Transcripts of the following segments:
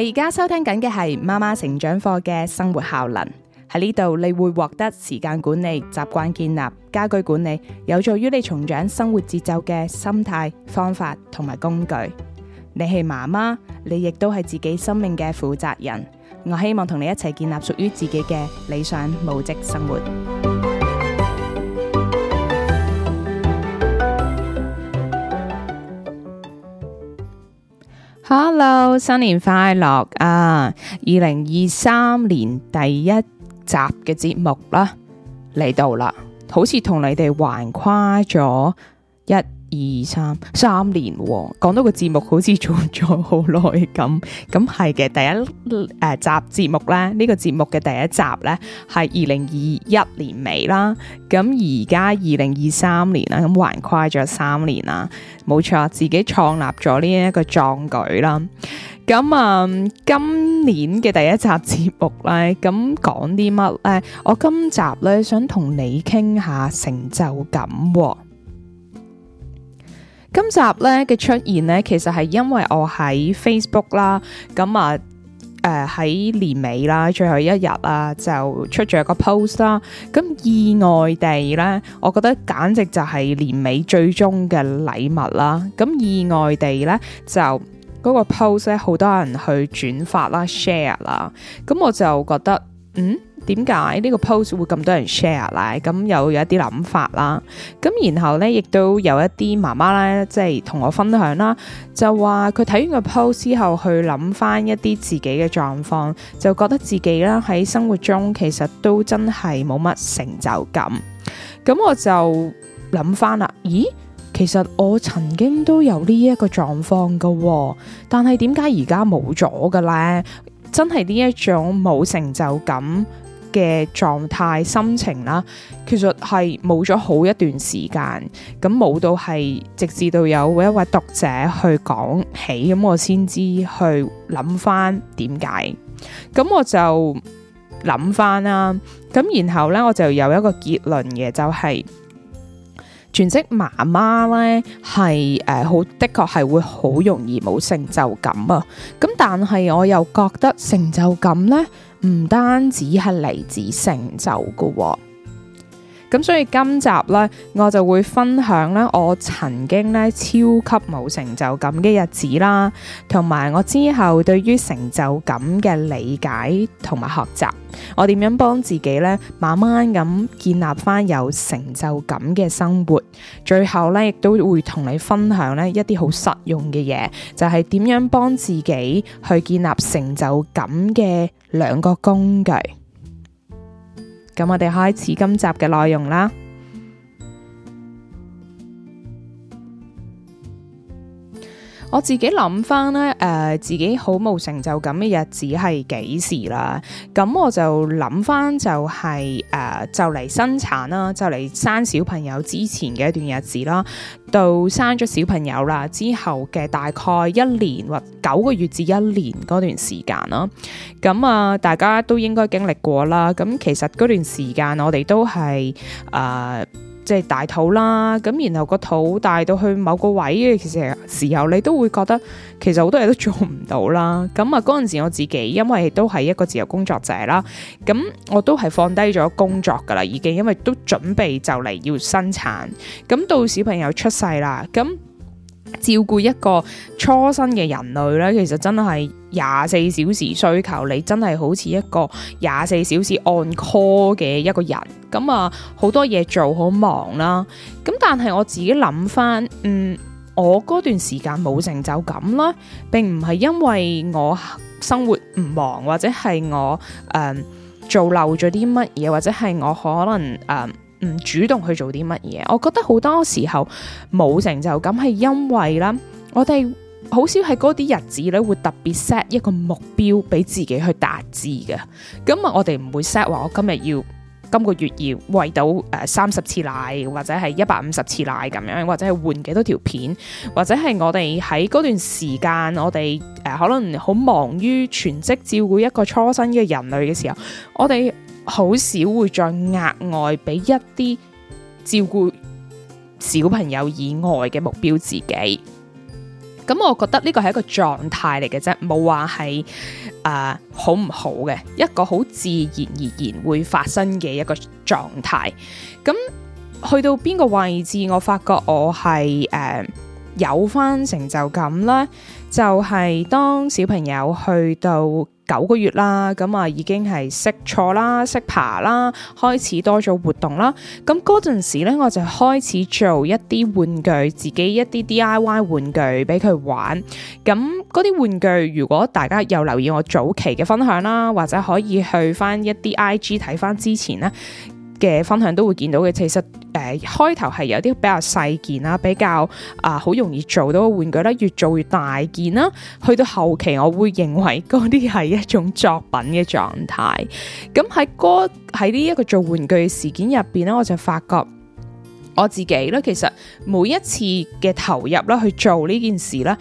你而家收聽緊嘅係媽媽成長課嘅生活效能，喺呢度你會獲得時間管理、習慣建立、家居管理，有助於你重掌生活節奏嘅心態、方法同埋工具。你係媽媽，你亦都係自己生命嘅負責人。我希望同你一齊建立屬於自己嘅理想母職生活。Hello，新年快樂啊！二零二三年第一集嘅節目啦，嚟到啦，好似同你哋橫跨咗一二三三年喎、哦，講到個節目好似做咗好耐咁，咁係嘅。第一誒、呃、集節目咧，呢、呢個節目嘅第一集咧係二零二一年尾啦，咁而家二零二三年啦，咁橫跨咗三年啦，冇錯，自己創立咗呢一個壯舉啦。咁啊，今年嘅第一集節目咧，咁講啲乜咧？我今集咧想同你傾下成就感喎、哦。今集咧嘅出現咧，其實係因為我喺 Facebook 啦，咁啊，誒、呃、喺年尾啦，最後一日啦，就出咗一個 post 啦，咁意外地咧，我覺得簡直就係年尾最終嘅禮物啦，咁意外地咧，就嗰個 post 咧，好多人去轉發啦、share 啦，咁我就覺得，嗯。點解呢個 post 會咁多人 share 啦？咁又有一啲諗法啦，咁然後呢，亦都有一啲媽媽咧，即係同我分享啦，就話佢睇完個 post 之後去諗翻一啲自己嘅狀況，就覺得自己啦喺生活中其實都真係冇乜成就感。咁我就諗翻啦，咦，其實我曾經都有呢一個狀況噶，但係點解而家冇咗噶咧？真係呢一種冇成就感。嘅狀態、心情啦，其實係冇咗好一段時間，咁冇到係直至到有一位讀者去講起，咁我先知去諗翻點解，咁我就諗翻啦，咁然後呢，我就有一個結論嘅，就係，就係全職媽媽呢係誒好的確係會好容易冇成就感啊，咁但係我又覺得成就感呢。唔單止係嚟自成就嘅喎。咁所以今集咧，我就會分享咧我曾經咧超級冇成就感嘅日子啦，同埋我之後對於成就感嘅理解同埋學習，我點樣幫自己咧慢慢咁建立翻有成就感嘅生活。最後咧亦都會同你分享咧一啲好實用嘅嘢，就係點樣幫自己去建立成就感嘅兩個工具。咁我哋開始今集嘅內容啦。我自己諗翻咧，誒、呃、自己好冇成就感嘅日子係幾時啦？咁我就諗翻就係、是、誒、呃、就嚟生產啦，就嚟生小朋友之前嘅一段日子啦，到生咗小朋友啦之後嘅大概一年或九個月至一年嗰段時間啦。咁啊，大家都應該經歷過啦。咁其實嗰段時間我哋都係誒。呃即係大肚啦，咁然後個肚大到去某個位嘅，其實時候你都會覺得，其實好多嘢都做唔到啦。咁啊，嗰陣時我自己因為都係一個自由工作者啦，咁我都係放低咗工作噶啦，已經，因為都準備就嚟要生產。咁到小朋友出世啦，咁。照顧一個初生嘅人類呢，其實真係廿四小時需求，你真係好似一個廿四小時 on call 嘅一個人。咁啊，好多嘢做，好忙啦。咁但係我自己諗返，嗯，我嗰段時間冇成就感啦，並唔係因為我生活唔忙，或者係我誒、呃、做漏咗啲乜嘢，或者係我可能誒。呃唔主動去做啲乜嘢，我覺得好多時候冇成就感係因為啦，我哋好少喺嗰啲日子咧會特別 set 一個目標俾自己去達至嘅。咁啊，我哋唔會 set 話我今日要今個月要餵到誒三十次奶或者係一百五十次奶咁樣，或者係換幾多條片，或者係我哋喺嗰段時間我哋誒、呃、可能好忙於全職照顧一個初生嘅人類嘅時候，我哋。好少會再額外俾一啲照顧小朋友以外嘅目標自己，咁我覺得呢個係一個狀態嚟嘅啫，冇話係誒好唔好嘅，一個好自然而然會發生嘅一個狀態。咁去到邊個位置，我發覺我係誒、呃、有返成就感啦，就係、是、當小朋友去到。九個月啦，咁啊已經係識坐啦、識爬啦，開始多咗活動啦。咁嗰陣時呢，我就開始做一啲玩具，自己一啲 DIY 玩具俾佢玩。咁嗰啲玩具，如果大家有留意我早期嘅分享啦，或者可以去翻一啲 IG 睇翻之前呢。嘅分享都會見到嘅，其實誒開頭係有啲比較細件啦，比較啊好、呃、容易做到嘅玩具啦，越做越大件啦，去到後期我會認為嗰啲係一種作品嘅狀態。咁喺哥喺呢一個做玩具事件入面咧，我就發覺我自己咧，其實每一次嘅投入啦，去做呢件事啦。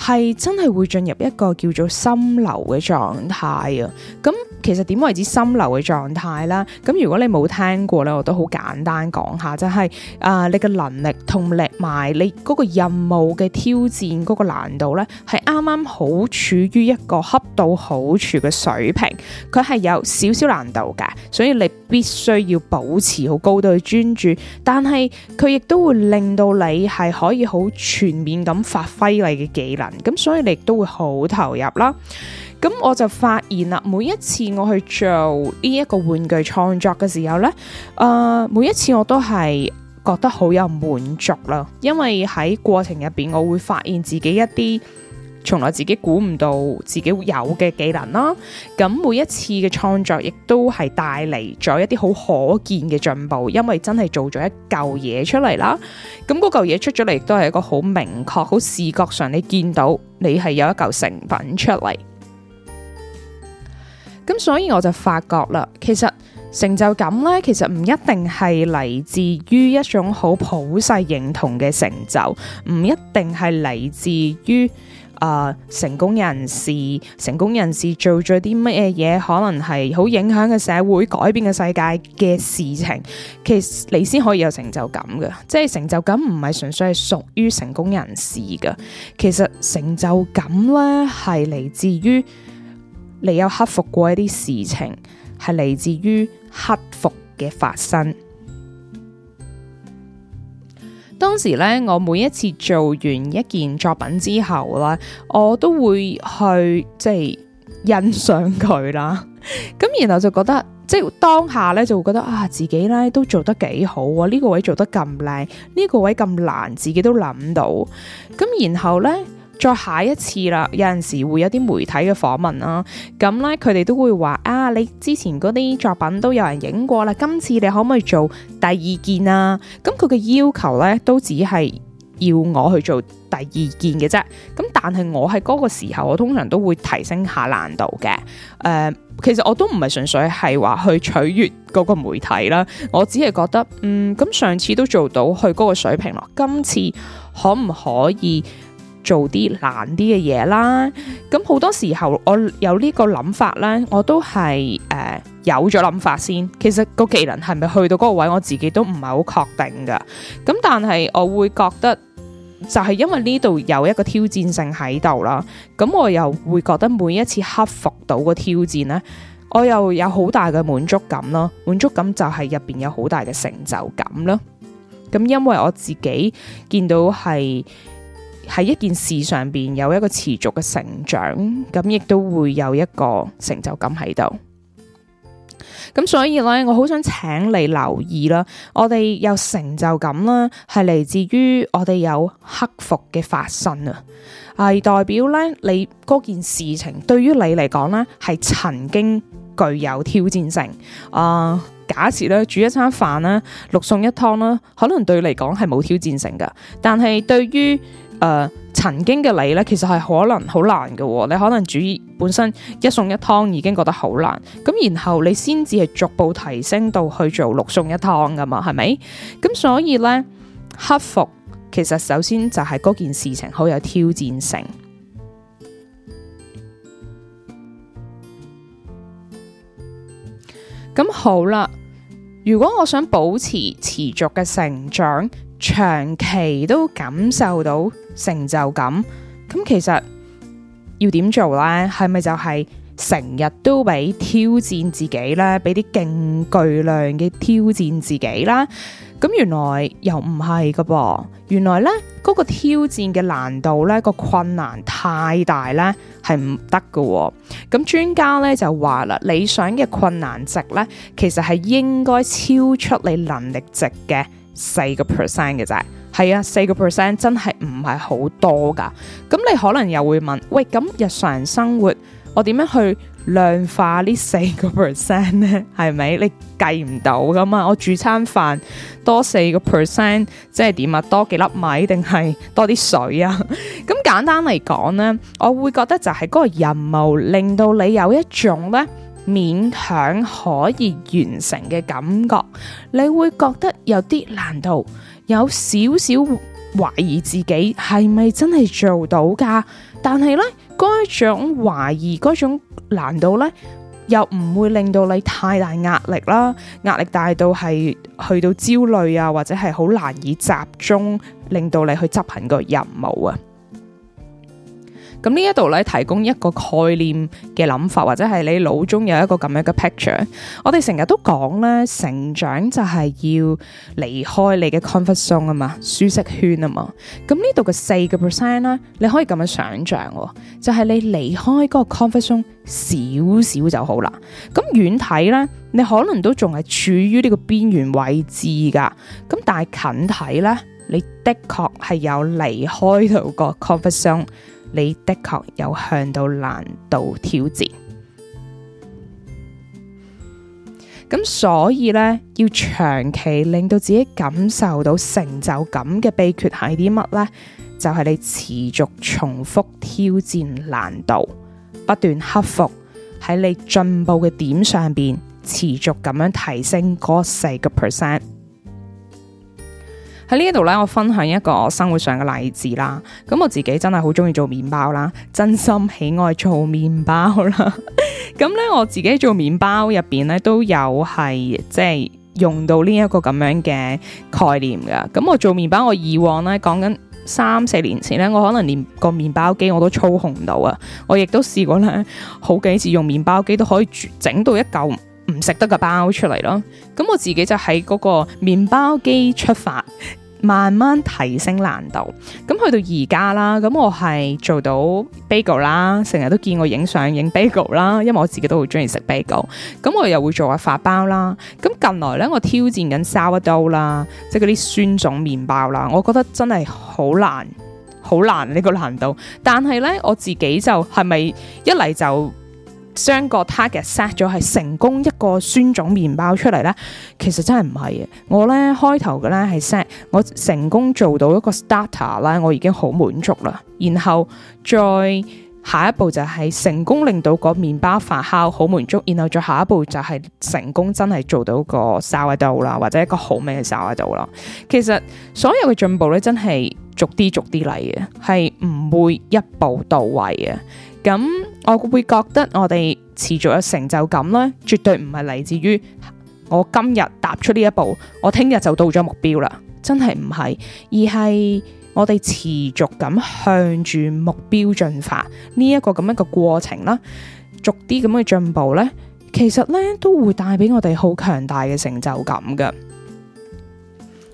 係真係會進入一個叫做心流嘅狀態啊！咁其實點為之心流嘅狀態啦？咁如果你冇聽過呢，我都好簡單講下，就係、是、啊、呃、你嘅能力同埋你嗰個任務嘅挑戰嗰個難度呢，係啱啱好處於一個恰到好處嘅水平，佢係有少少難度嘅，所以你必須要保持好高度嘅專注，但係佢亦都會令到你係可以好全面咁發揮你嘅技能。咁所以你都會好投入啦。咁我就發現啦，每一次我去做呢一個玩具創作嘅時候呢，誒、呃，每一次我都係覺得好有滿足啦，因為喺過程入邊我會發現自己一啲。從來自己估唔到自己會有嘅技能啦。咁每一次嘅創作，亦都係帶嚟咗一啲好可見嘅進步，因為真係做咗一嚿嘢出嚟啦。咁嗰嚿嘢出咗嚟，都係一個好明確、好視覺上你見到你係有一嚿成品出嚟。咁所以我就發覺啦，其實成就感呢，其實唔一定係嚟自於一種好普世認同嘅成就，唔一定係嚟自於。啊、uh，成功人士，成功人士做咗啲乜嘢嘢？可能係好影響嘅社會，改變嘅世界嘅事情，其實你先可以有成就感嘅。即係成就感唔係純粹係屬於成功人士嘅，其實成就感呢係嚟自於你有克服過的一啲事情，係嚟自於克服嘅發生。當時咧，我每一次做完一件作品之後咧，我都會去即係欣賞佢啦。咁 然後就覺得，即係當下咧就會覺得啊，自己咧都做得幾好啊！呢個位做得咁靚，呢個位咁難，自己都諗到。咁然後咧。再下一次啦，有陣時會有啲媒體嘅訪問啦，咁呢，佢哋都會話啊，你之前嗰啲作品都有人影過啦，今次你可唔可以做第二件啊？咁佢嘅要求呢都只係要我去做第二件嘅啫，咁但係我喺嗰個時候，我通常都會提升下難度嘅。誒、呃，其實我都唔係純粹係話去取悦嗰個媒體啦，我只係覺得，嗯，咁上次都做到去嗰個水平咯，今次可唔可以？做啲難啲嘅嘢啦，咁好多時候我有呢個諗法呢，我都係誒、呃、有咗諗法先。其實個技能係咪去到嗰個位，我自己都唔係好確定噶。咁但係我會覺得，就係因為呢度有一個挑戰性喺度啦。咁我又會覺得每一次克服到個挑戰呢，我又有好大嘅滿足感咯。滿足感就係入邊有好大嘅成就感咯。咁因為我自己見到係。喺一件事上邊有一個持續嘅成長，咁亦都會有一個成就感喺度。咁所以咧，我好想請你留意啦，我哋有成就感啦，係嚟自於我哋有克服嘅發生啊，係代表咧你嗰件事情對於你嚟講咧係曾經具有挑戰性。啊、呃，假設咧煮一餐飯啦，六餸一湯啦，可能對你嚟講係冇挑戰性噶，但係對於誒、呃、曾經嘅你呢，其實係可能好難嘅、哦，你可能煮本身一餸一湯已經覺得好難，咁然後你先至係逐步提升到去做六餸一湯嘅嘛，係咪？咁所以呢，克服其實首先就係嗰件事情好有挑戰性。咁好啦，如果我想保持持續嘅成長，長期都感受到成就感，咁其實要點做呢？係咪就係成日都俾挑戰自己咧？俾啲勁巨量嘅挑戰自己啦？咁原來又唔係噶噃。原來呢，嗰個挑戰嘅難度呢，個困難太大呢，係唔得噶喎。咁專家呢就話啦，理想嘅困難值呢，其實係應該超出你能力值嘅。四個 percent 嘅咋？係啊，四個 percent 真係唔係好多噶。咁你可能又會問，喂，咁日常生活我點樣去量化呢四個 percent 咧？係咪你計唔到噶嘛？我煮餐飯多四個 percent 即係點啊？多幾粒米定係多啲水啊？咁 簡單嚟講咧，我會覺得就係嗰個人物令到你有一種咧，勉強可以完成嘅感覺，你會覺得有啲難度，有少少懷疑自己係咪真係做到噶？但係呢，嗰種懷疑，嗰種難度呢，又唔會令到你太大壓力啦。壓力大到係去到焦慮啊，或者係好難以集中，令到你去執行個任務啊。咁呢一度咧，提供一個概念嘅諗法，或者係你腦中有一個咁樣嘅 picture。我哋成日都講咧，成長就係要離開你嘅 comfort zone 啊嘛，舒適圈啊嘛。咁呢度嘅四個 percent 咧，你可以咁樣想象、哦，就係、是、你離開嗰個 comfort zone 少少就好啦。咁遠睇咧，你可能都仲係處於呢個邊緣位置噶。咁但係近睇咧，你的確係有離開到個 comfort zone。你的確有向到難度挑戰，咁所以呢，要長期令到自己感受到成就感嘅秘訣係啲乜呢？就係、是、你持續重複挑戰難度，不斷克服喺你進步嘅點上邊，持續咁樣提升嗰四個 percent。喺呢度咧，我分享一個生活上嘅例子啦。咁我自己真係好中意做麵包啦，真心喜愛做麵包啦。咁 咧，我自己做麵包入邊咧，都有係即係用到呢一個咁樣嘅概念噶。咁我做麵包，我以往咧講緊三四年前咧，我可能連個麵包機我都操控唔到啊。我亦都試過咧，好幾次用麵包機都可以整到一嚿唔食得嘅包出嚟咯。咁我自己就喺嗰個麵包機出發。慢慢提升難度，咁去到而家啦，咁我係做到 bagel 啦，成日都見我影相影 bagel 啦，因為我自己都好中意食 bagel，咁我又會做下法包啦，咁近來呢，我挑戰緊 sourdough 啦，即係嗰啲酸種麵包啦，我覺得真係好難，好難呢個難度，但係呢，我自己就係咪一嚟就？將個 target set 咗係成功一個酸種麵包出嚟呢，其實真係唔係嘅。我呢開頭嘅呢係 set，我成功做到一個 starter 啦，我已經好滿足啦。然後再下一步就係成功令到個麵包發酵好滿足，然後再下一步就係成功真係做到個 sourdough 啦，或者一個好味嘅 sourdough 啦。其實所有嘅進步呢，真係逐啲逐啲嚟嘅，係唔會一步到位嘅。咁我會覺得我哋持續有成就感咧，絕對唔係嚟自於我今日踏出呢一步，我聽日就到咗目標啦，真係唔係，而係我哋持續咁向住目標進發呢一個咁樣嘅過程啦，逐啲咁嘅進步呢，其實呢都會帶俾我哋好強大嘅成就感㗎。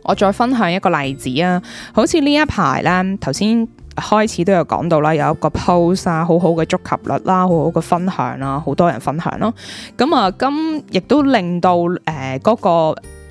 我再分享一個例子啊，好似呢一排呢頭先。開始都有講到啦，有一個 post 啊，好好嘅觸及率啦，好好嘅分享啦，好多人分享咯。咁啊，咁亦都令到誒嗰個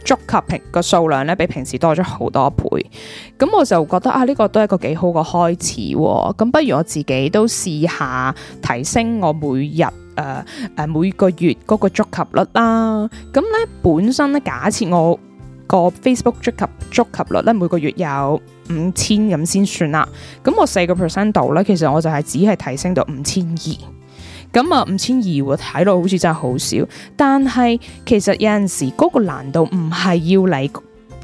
觸及平嘅數量咧，比平時多咗好多倍。咁我就覺得啊，呢個都係一個幾好嘅開始喎。咁不如我自己都試下提升我每日誒誒、呃、每個月嗰個觸及率啦。咁咧本身咧，假設我個 Facebook 觸及觸及率咧每個月有五千咁先算啦，咁我四個 percent 度咧，其實我就係只係提升到五千二，咁啊五千二會睇落好似真係好少，但係其實有陣時嗰個難度唔係要你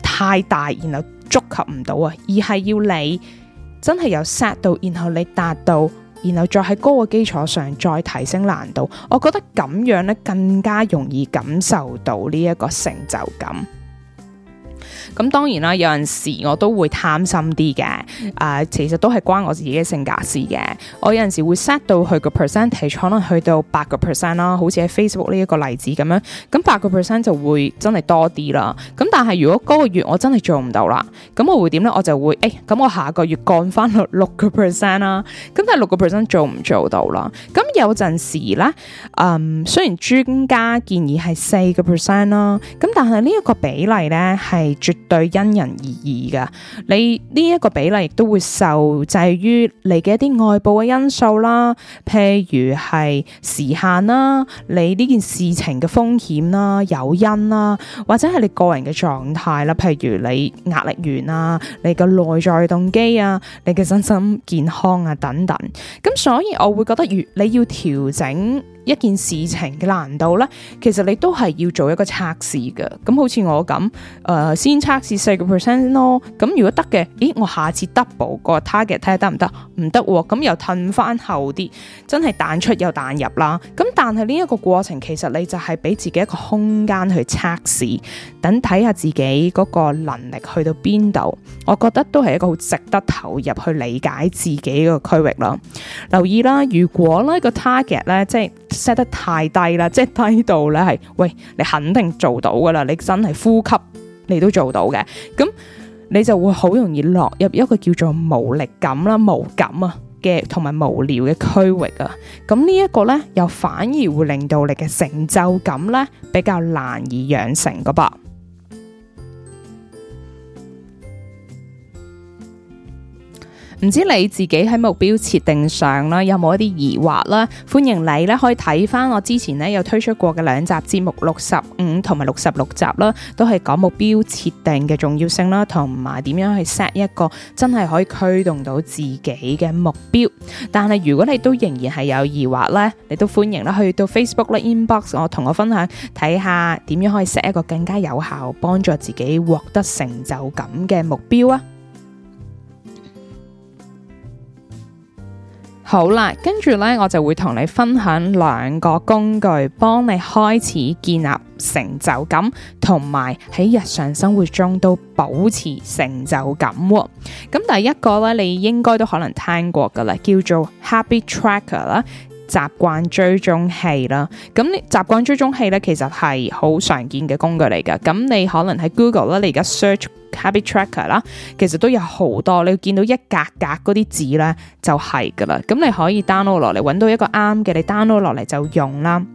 太大，然後觸及唔到啊，而係要你真係有 set 到，然後你達到，然後再喺嗰個基礎上再提升難度，我覺得咁樣咧更加容易感受到呢一個成就感。咁當然啦，有陣時我都會貪心啲嘅，誒、呃，其實都係關我自己嘅性格事嘅。我有陣時會 set 到佢個 percentage 可能去到八個 percent 啦，好似喺 Facebook 呢一個例子咁樣。咁八個 percent 就會真係多啲啦。咁但係如果嗰個月我真係做唔到啦，咁我會點呢？我就會誒，咁、欸、我下個月降翻六個 percent 啦。咁但係六個 percent 做唔做到啦？咁有陣時呢，嗯，雖然專家建議係四個 percent 啦，咁但係呢一個比例呢係最絕對因人而異㗎，你呢一個比例亦都會受制於你嘅一啲外部嘅因素啦，譬如係時限啦，你呢件事情嘅風險啦、誘因啦，或者係你個人嘅狀態啦，譬如你壓力源啊、你嘅內在動機啊、你嘅身心健康啊等等，咁所以我會覺得如你要調整。一件事情嘅難度呢，其實你都係要做一個測試嘅。咁好似我咁，誒、呃、先測試四個 percent 咯。咁如果得嘅，咦，我下次 double 個 target 睇下得唔得？唔得喎，咁又褪翻後啲，真係彈出又彈入啦。咁但係呢一個過程其實你就係俾自己一個空間去測試，等睇下自己嗰個能力去到邊度。我覺得都係一個好值得投入去理解自己個區域咯。留意啦，如果呢個 target 咧，即係，set 得太低啦，即係低到咧係，喂，你肯定做到噶啦，你真係呼吸你都做到嘅，咁你就會好容易落入一個叫做無力感啦、無感啊嘅同埋無聊嘅區域啊，咁呢一個咧又反而會令到你嘅成就感咧比較難以養成噶噃。唔知你自己喺目標設定上啦，有冇一啲疑惑啦？歡迎你咧可以睇翻我之前咧有推出過嘅兩集節目六十五同埋六十六集啦，都係講目標設定嘅重要性啦，同埋點樣去 set 一個真係可以驅動到自己嘅目標。但係如果你都仍然係有疑惑咧，你都歡迎啦去到 Facebook inbox，我同我分享，睇下點樣可以 set 一個更加有效幫助自己獲得成就感嘅目標啊！好啦，跟住咧，我就會同你分享兩個工具，幫你開始建立成就感，同埋喺日常生活中都保持成就感喎、哦。咁第一個咧，你應該都可能聽過噶啦，叫做 Happy Tracker 啦。習慣追蹤器啦，咁你習慣追蹤器咧，其實係好常見嘅工具嚟噶。咁你可能喺 Google 啦，你而家 search habit tracker 啦，其實都有好多，你會見到一格格嗰啲紙咧，就係噶啦。咁你可以 download 落嚟，揾到一個啱嘅，你 download 落嚟就用啦。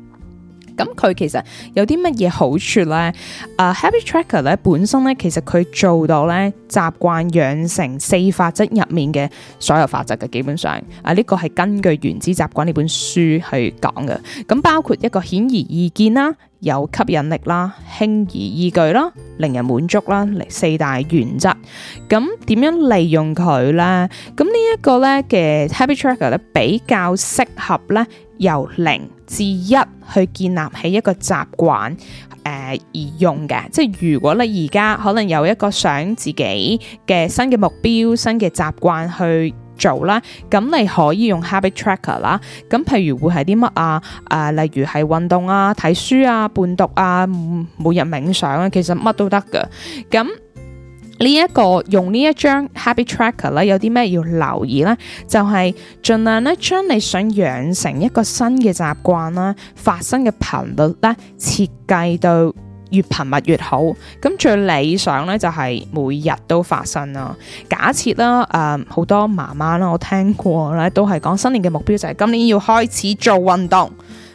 咁佢其實有啲乜嘢好處呢？啊，uh, habit tracker 咧本身咧，其實佢做到咧習慣養成四法則入面嘅所有法則嘅，基本上啊，uh, 呢個係根據《原子習慣》呢本書去講嘅。咁包括一個顯而易見啦，有吸引力啦，輕而易舉啦，令人滿足啦，四大原則。咁點樣利用佢呢？咁呢一個咧嘅 habit tracker 咧比較適合咧由零至一去建立起一個習慣誒、呃、而用嘅，即係如果你而家可能有一個想自己嘅、新嘅目標、新嘅習慣去做啦，咁你可以用 Habit Tracker 啦。咁譬如會係啲乜啊、呃？例如係運動啊、睇書啊、伴讀啊、每日冥想啊，其實乜都得噶。咁呢、這個、一個用呢一張 Habit Tracker 咧，有啲咩要留意呢？就係、是、盡量咧將你想養成一個新嘅習慣啦，發生嘅頻率咧設計到越頻密越好。咁最理想咧就係、是、每日都發生啦。假設啦，誒、呃、好多媽媽啦，我聽過咧都係講新年嘅目標就係今年要開始做運動。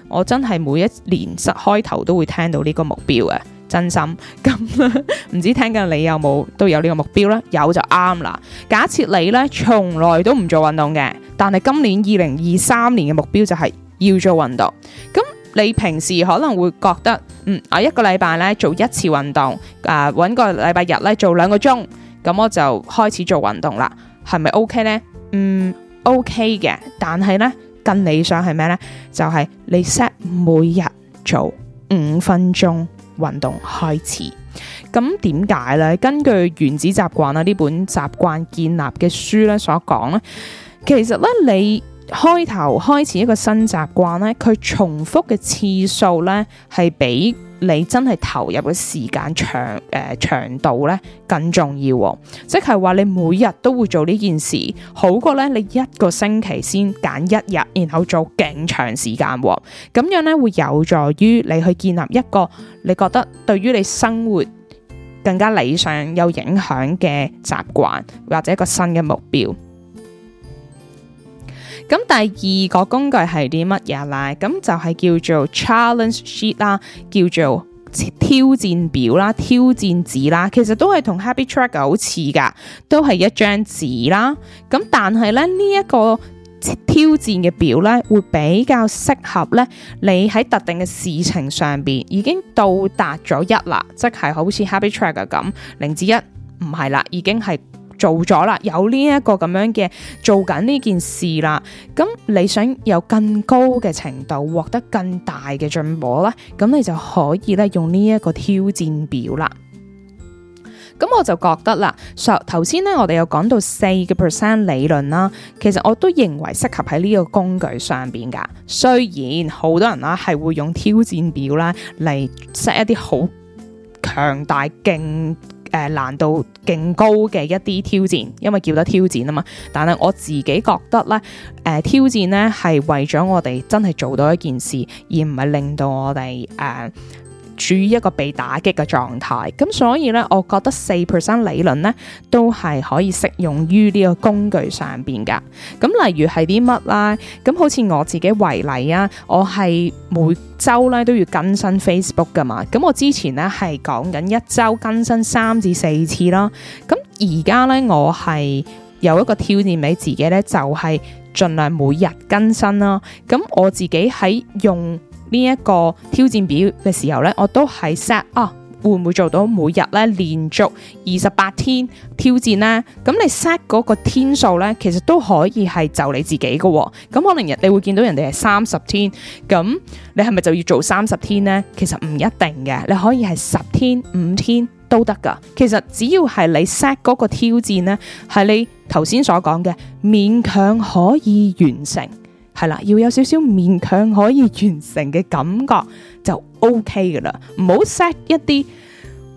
我真係每一年開頭都會聽到呢個目標嘅。真心咁唔知聽緊你有冇都有呢個目標啦？有就啱啦。假設你呢，從來都唔做運動嘅，但係今年二零二三年嘅目標就係要做運動。咁你平時可能會覺得嗯啊，一個禮拜呢做一次運動啊，搵、呃、個禮拜日呢做兩個鐘，咁我就開始做運動啦。係咪 OK 呢？嗯，OK 嘅，但係呢，更理想係咩呢？就係、是、你 set 每日做五分鐘。運動開始，咁點解呢？根據《原子習慣》啊，呢本習慣建立嘅書呢所講咧，其實呢你。開頭開始一個新習慣咧，佢重複嘅次數咧，係比你真係投入嘅時間長誒、呃、長度咧更重要。即係話你每日都會做呢件事，好過咧你一個星期先揀一日，然後做勁長時間。咁樣咧會有助於你去建立一個你覺得對於你生活更加理想、有影響嘅習慣，或者一個新嘅目標。咁第二個工具係啲乜嘢咧？咁就係叫做 Challenge Sheet 啦，叫做挑戰表啦、挑戰紙啦。其實都係同 Habit Tracker 好似噶，都係一張紙啦。咁但係咧呢一、這個挑戰嘅表咧，會比較適合咧你喺特定嘅事情上邊已經到達咗一啦，即係好似 Habit Tracker 咁零至一唔係啦，已經係。做咗啦，有呢一個咁樣嘅做緊呢件事啦，咁你想有更高嘅程度，獲得更大嘅進步啦。咁你就可以咧用呢一個挑戰表啦。咁我就覺得啦，頭先呢我哋有講到四個 percent 理論啦，其實我都認為適合喺呢個工具上邊噶。雖然好多人啦係會用挑戰表啦嚟 set 一啲好強大勁。勁誒難度勁高嘅一啲挑戰，因為叫得挑戰啊嘛。但係我自己覺得咧，誒、呃、挑戰咧係為咗我哋真係做到一件事，而唔係令到我哋誒。呃處於一個被打擊嘅狀態，咁所以呢，我覺得四 percent 理論呢都係可以適用於呢個工具上邊嘅。咁例如係啲乜啦，咁好似我自己為例啊，我係每周咧都要更新 Facebook 噶嘛。咁我之前呢係講緊一周更新三至四次咯，咁而家呢，我係有一個挑戰俾自己呢，就係盡量每日更新啦。咁我自己喺用呢一個挑戰表嘅時候呢，我都係 set 啊，會唔會做到每日呢連續二十八天挑戰呢？咁你 set 嗰個天數呢，其實都可以係就你自己噶喎。咁可能人你會見到人哋係三十天，咁你係咪就要做三十天呢？其實唔一定嘅，你可以係十天、五天都得噶。其實只要係你 set 嗰個挑戰呢，係你頭先所講嘅勉強可以完成。係啦，要有少少勉強可以完成嘅感覺就 OK 噶啦，唔好 set 一啲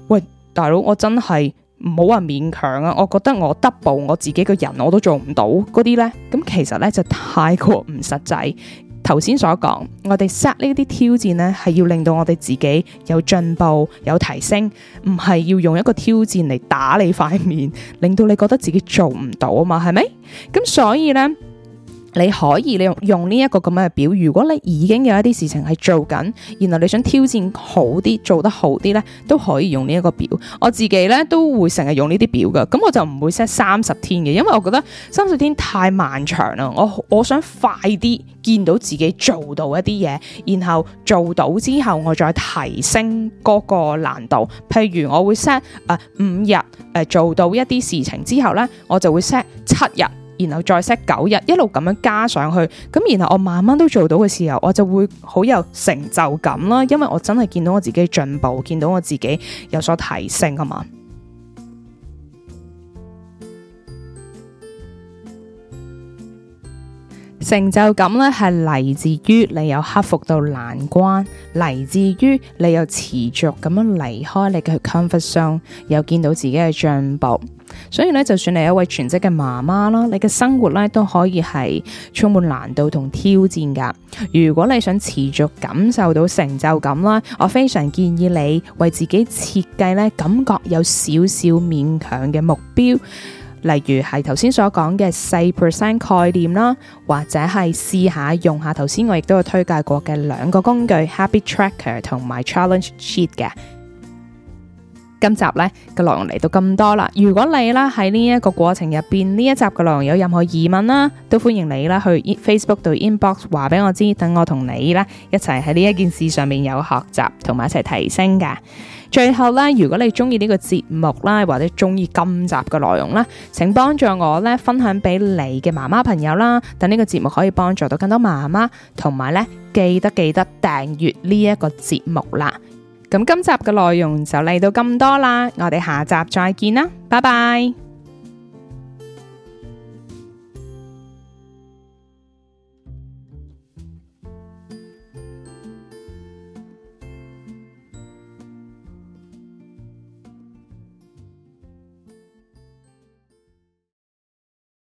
喂大佬，我真係唔好話勉強啊！我覺得我 double 我自己個人我都做唔到嗰啲呢，咁其實呢就太過唔實際。頭先所講，我哋 set 呢啲挑戰呢係要令到我哋自己有進步、有提升，唔係要用一個挑戰嚟打你塊面，令到你覺得自己做唔到啊嘛，係咪？咁所以呢。你可以你用用呢一個咁樣嘅表，如果你已經有一啲事情係做緊，然後你想挑戰好啲，做得好啲呢，都可以用呢一個表。我自己呢，都會成日用呢啲表㗎，咁我就唔會 set 三十天嘅，因為我覺得三十天太漫長啦。我我想快啲見到自己做到一啲嘢，然後做到之後我再提升嗰個難度。譬如我會 set 誒五日誒做到一啲事情之後呢，我就會 set 七日。然後再 set 九日，一路咁樣加上去，咁然後我慢慢都做到嘅時候，我就會好有成就感啦，因為我真係見到我自己的進步，見到我自己有所提升啊嘛。成就感咧係嚟自於你有克服到難關，嚟自於你有持續咁樣離開你嘅 comfort zone，又見到自己嘅進步。所以咧，就算你係一位全職嘅媽媽啦，你嘅生活咧都可以係充滿難度同挑戰噶。如果你想持續感受到成就感啦，我非常建議你為自己設計咧感覺有少少勉強嘅目標，例如係頭先所講嘅四 percent 概念啦，或者係試下用下頭先我亦都有推介過嘅兩個工具 Happy Tracker 同埋 Challenge Sheet 嘅。今集呢個內容嚟到咁多啦，如果你啦喺呢一個過程入邊，呢一集嘅內容有任何疑問啦，都歡迎你啦去 Facebook 度 inbox 話俾我知，等我同你啦一齊喺呢一件事上面有學習同埋一齊提升㗎。最後呢，如果你中意呢個節目啦，或者中意今集嘅內容啦，請幫助我呢，分享俾你嘅媽媽朋友啦，等呢個節目可以幫助到更多媽媽，同埋呢記得記得訂閱呢一個節目啦。咁今集嘅內容就嚟到咁多啦，我哋下集再見啦，拜拜。